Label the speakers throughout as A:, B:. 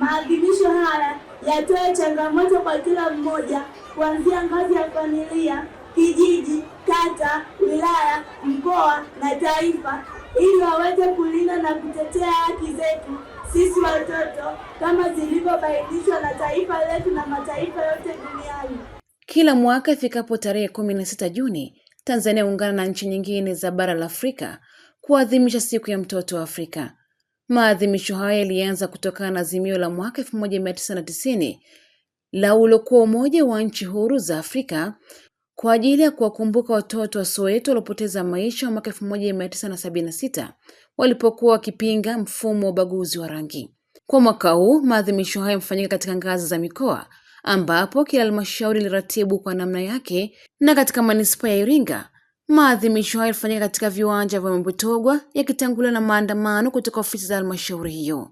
A: Maadhimisho haya yatoe changamoto kwa kila mmoja kuanzia ngazi ya familia, kijiji, kata, wilaya, mkoa na taifa ili waweze kulinda na kutetea haki zetu sisi watoto kama zilivyobainishwa na taifa letu na mataifa yote duniani.
B: Kila mwaka ifikapo tarehe kumi na sita Juni, Tanzania huungana na nchi nyingine za bara la Afrika kuadhimisha siku ya mtoto wa Afrika Maadhimisho haya yalianza kutokana na azimio la mwaka 1990 la uliokuwa Umoja wa Nchi Huru za Afrika kwa ajili ya kuwakumbuka watoto wa Soweto waliopoteza maisha mwaka 1976 walipokuwa wakipinga mfumo wa ubaguzi wa rangi. Kwa mwaka huu, maadhimisho hayo yamefanyika katika ngazi za mikoa ambapo kila halmashauri iliratibu kwa namna yake, na katika manispaa ya Iringa Maadhimisho hayo yalifanyika katika viwanja vya Mabotogwa yakitanguliwa na maandamano kutoka ofisi za halmashauri hiyo.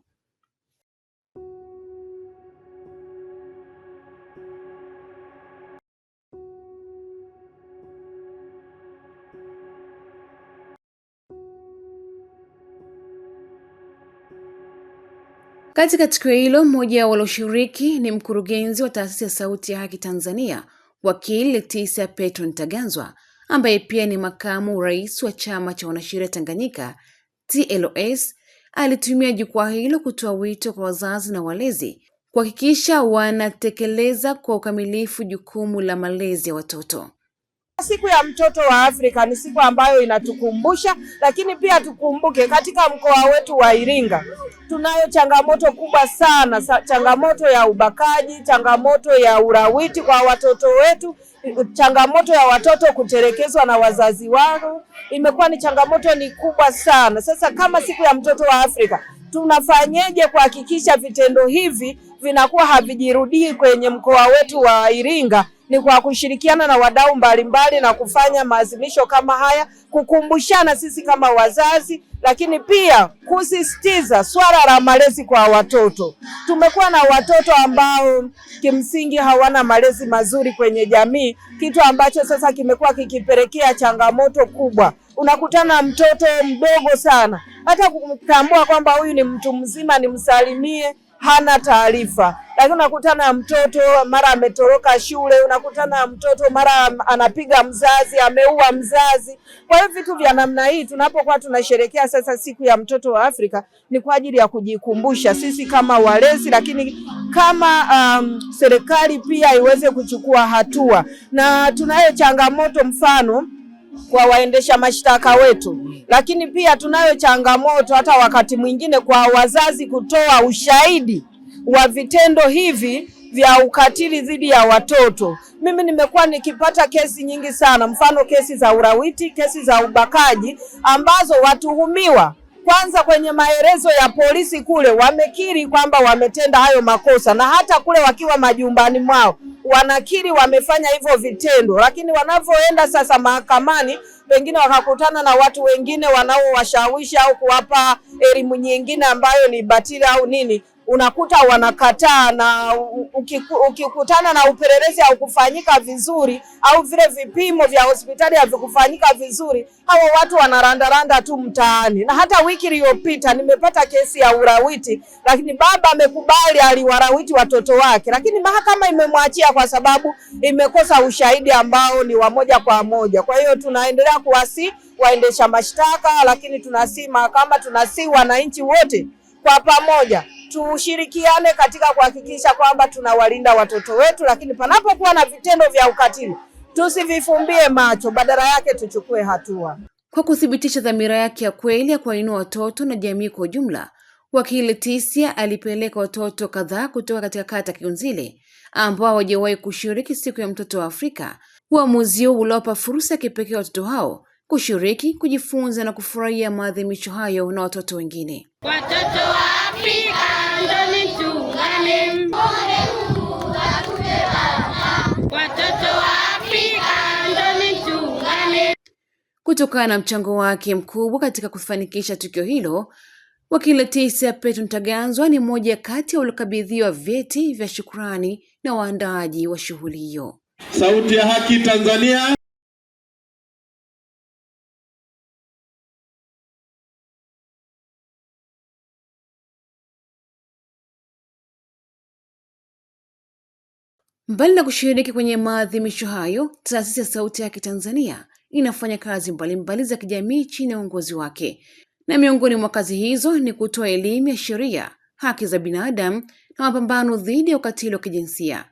B: Katika tukio hilo, mmoja wa walioshiriki ni mkurugenzi wa taasisi ya Sauti ya Haki Tanzania, wakili Letisia Petro Ntaganzwa ambaye pia ni makamu rais wa chama cha wanasheria Tanganyika TLS alitumia jukwaa hilo kutoa wito kwa wazazi na walezi kuhakikisha wanatekeleza kwa ukamilifu jukumu la malezi ya watoto.
C: Siku ya mtoto wa Afrika ni siku ambayo inatukumbusha, lakini pia tukumbuke katika mkoa wetu wa Iringa tunayo changamoto kubwa sana, changamoto ya ubakaji, changamoto ya urawiti kwa watoto wetu, changamoto ya watoto kutelekezwa na wazazi wao imekuwa ni changamoto ni kubwa sana. Sasa kama siku ya mtoto wa Afrika tunafanyeje kuhakikisha vitendo hivi vinakuwa havijirudii kwenye mkoa wetu wa Iringa ni kwa kushirikiana na wadau mbalimbali na kufanya maazimisho kama haya, kukumbushana sisi kama wazazi, lakini pia kusisitiza swala la malezi kwa watoto. Tumekuwa na watoto ambao kimsingi hawana malezi mazuri kwenye jamii, kitu ambacho sasa kimekuwa kikipelekea changamoto kubwa. Unakutana mtoto mdogo sana, hata kutambua kwamba huyu ni mtu mzima, nimsalimie hana taarifa, lakini unakutana na mtoto mara ametoroka shule, unakutana mtoto mara anapiga mzazi, ameua mzazi. Kwa hiyo vitu vya namna hii tunapokuwa tunasherekea sasa siku ya mtoto wa Afrika ni kwa ajili ya kujikumbusha sisi kama walezi, lakini kama um, serikali pia iweze kuchukua hatua, na tunayo changamoto mfano kwa waendesha mashtaka wetu, lakini pia tunayo changamoto hata wakati mwingine kwa wazazi kutoa ushahidi wa vitendo hivi vya ukatili dhidi ya watoto. Mimi nimekuwa nikipata kesi nyingi sana, mfano kesi za urawiti, kesi za ubakaji ambazo watuhumiwa kwanza kwenye maelezo ya polisi kule wamekiri kwamba wametenda hayo makosa, na hata kule wakiwa majumbani mwao wanakiri wamefanya hivyo vitendo, lakini wanavyoenda sasa mahakamani, pengine wakakutana na watu wengine wanaowashawishi au kuwapa elimu nyingine ambayo ni batili au nini, unakuta wanakataa, na ukikutana na upelelezi haukufanyika vizuri au vile vipimo vya hospitali havikufanyika vizuri, hao watu wanarandaranda tu mtaani. Na hata wiki iliyopita nimepata kesi ya urawiti lakini baba amekubali, aliwarawiti watoto wake, lakini mahakama imemwachia kwa sababu imekosa ushahidi ambao ni wa moja kwa moja. Kwa hiyo tunaendelea kuwasi waendesha mashtaka, lakini tunasii mahakama, tunasii wananchi wote kwa pamoja tushirikiane katika kuhakikisha kwamba tunawalinda watoto wetu, lakini panapokuwa na vitendo vya ukatili tusivifumbie macho, badala yake tuchukue hatua.
B: Kwa kuthibitisha dhamira yake ya kweli ya kuwainua watoto na jamii kwa ujumla, wakili Tisia alipeleka watoto kadhaa kutoka katika kata Kiunzile ambao hawajawahi kushiriki siku ya mtoto wa Afrika. Uamuzi huu uliwapa fursa ya kipekee watoto hao kushiriki, kujifunza na kufurahia maadhimisho hayo na watoto wengine. Watoto wa Afrika njoni tuungane, Watoto wa Afrika Kutokana na mchango wake mkubwa katika kufanikisha tukio hilo, wakili Leticia Petro Ntaganzwa ni mmoja kati ya waliokabidhiwa vyeti vya shukurani na waandaaji wa shughuli hiyo.
D: Sauti ya Haki Tanzania
B: Mbali na kushiriki kwenye maadhimisho hayo, taasisi ya Sauti yake Tanzania inafanya kazi mbalimbali mbali za kijamii chini ya uongozi wake, na miongoni mwa kazi hizo ni kutoa elimu ya sheria, haki za binadamu na mapambano dhidi ya ukatili wa kijinsia,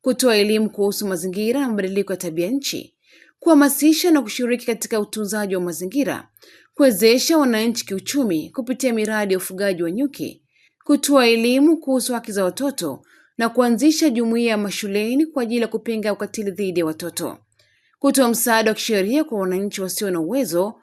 B: kutoa elimu kuhusu mazingira na mabadiliko ya tabia nchi, kuhamasisha na kushiriki katika utunzaji wa mazingira, kuwezesha wananchi kiuchumi kupitia miradi ya ufugaji wa nyuki, kutoa elimu kuhusu haki za watoto na kuanzisha jumuiya ya mashuleni kwa ajili ya kupinga ukatili dhidi ya watoto, kutoa msaada wa kisheria kwa wananchi wasio na uwezo,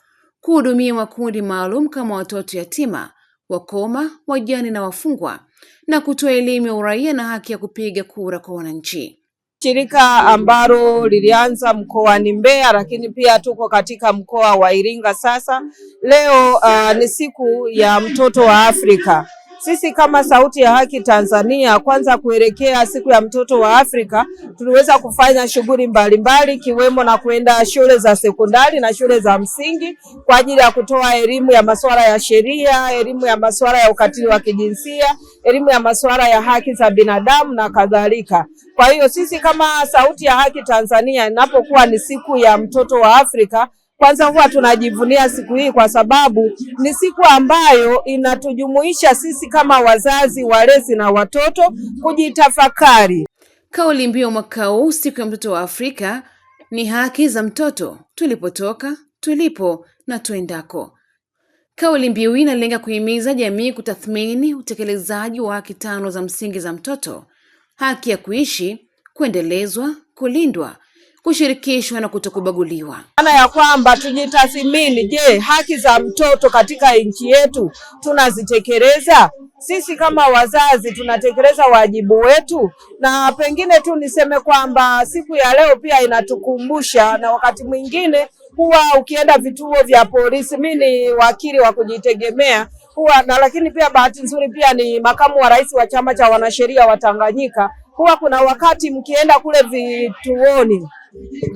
B: kuhudumia makundi maalum kama watoto yatima, wakoma, wajane na wafungwa, na kutoa elimu ya uraia na haki ya kupiga kura kwa wananchi.
C: Shirika ambalo lilianza mkoani Mbeya, lakini pia tuko katika mkoa wa Iringa sasa. Leo uh, ni siku ya mtoto wa Afrika. Sisi kama Sauti ya Haki Tanzania, kwanza kuelekea siku ya mtoto wa Afrika, tuliweza kufanya shughuli mbalimbali ikiwemo na kuenda shule za sekondari na shule za msingi kwa ajili ya kutoa elimu ya masuala ya sheria, elimu ya masuala ya ukatili wa kijinsia, elimu ya masuala ya haki za binadamu na kadhalika. Kwa hiyo sisi kama Sauti ya Haki Tanzania, inapokuwa ni siku ya mtoto wa Afrika kwanza huwa tunajivunia siku hii kwa sababu ni siku ambayo inatujumuisha sisi kama wazazi, walezi na watoto kujitafakari.
B: Kauli mbiu mwaka huu siku ya mtoto wa Afrika ni haki za mtoto, tulipotoka, tulipo na tuendako. Kauli mbiu hii inalenga kuhimiza jamii kutathmini utekelezaji wa haki tano za msingi za mtoto: haki ya kuishi, kuendelezwa, kulindwa kushirikishwa na kutokubaguliwa.
C: Maana ya kwamba tujitathimini. Je, haki za mtoto katika nchi yetu tunazitekeleza? Sisi kama wazazi tunatekeleza wajibu wetu, na pengine tu niseme kwamba siku ya leo pia inatukumbusha, na wakati mwingine huwa ukienda vituo vya polisi, mi ni wakili wa kujitegemea huwa na, lakini pia bahati nzuri pia ni makamu wa rais wa chama cha wanasheria wa Tanganyika. Huwa kuna wakati mkienda kule vituoni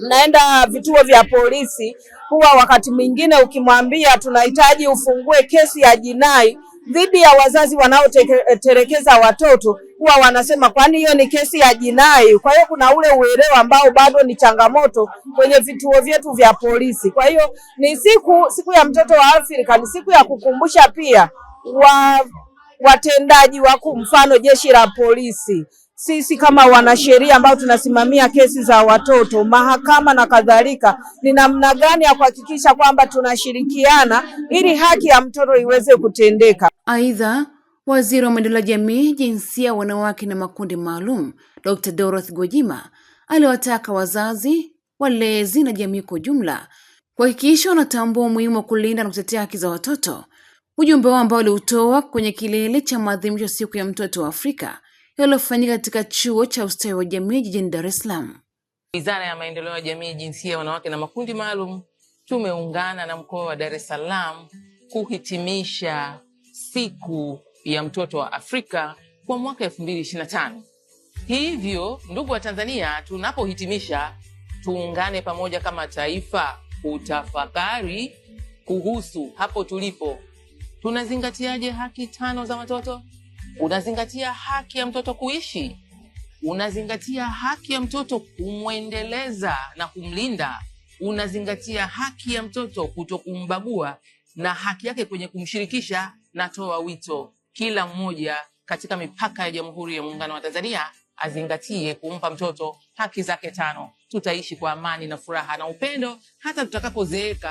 C: mnaenda vituo vya polisi, huwa wakati mwingine ukimwambia tunahitaji ufungue kesi ya jinai dhidi ya wazazi wanaotelekeza watoto huwa wanasema kwani hiyo ni kesi ya jinai. Kwa hiyo kuna ule uelewa ambao bado ni changamoto kwenye vituo vyetu vya polisi. Kwa hiyo ni siku siku ya mtoto wa Afrika, ni siku ya kukumbusha pia wa watendaji wakuu, mfano jeshi la polisi sisi kama wanasheria ambao tunasimamia kesi za watoto, mahakama na kadhalika, ni namna gani ya kuhakikisha kwamba tunashirikiana ili haki ya mtoto iweze kutendeka.
B: Aidha, waziri wa maendeleo ya jamii, jinsia, wanawake na makundi maalum, Dr. Dorothy Gwajima aliwataka wazazi, walezi na jamii kwa ujumla kuhakikisha wanatambua umuhimu wa kulinda na kutetea haki za watoto, ujumbe wao ambao waliutoa kwenye kilele cha maadhimisho siku ya mtoto wa Afrika yaliyofanyika katika chuo cha ustawi wa jamii jijini Dar es Salaam.
E: Wizara ya maendeleo ya jamii, jinsia ya wanawake na makundi maalum tumeungana na mkoa wa Dar es Salaam kuhitimisha siku ya mtoto wa Afrika kwa mwaka tano. Hivyo ndugu wa Tanzania, tunapohitimisha tuungane pamoja kama taifa kutafakari kuhusu hapo tulipo, tunazingatiaje haki tano za watoto? unazingatia haki ya mtoto kuishi, unazingatia haki ya mtoto kumwendeleza na kumlinda, unazingatia haki ya mtoto kutokumbagua na haki yake kwenye kumshirikisha. Natoa wito kila mmoja katika mipaka ya Jamhuri ya Muungano wa Tanzania azingatie kumpa mtoto haki zake tano. Tutaishi kwa amani na furaha na upendo hata tutakapozeeka.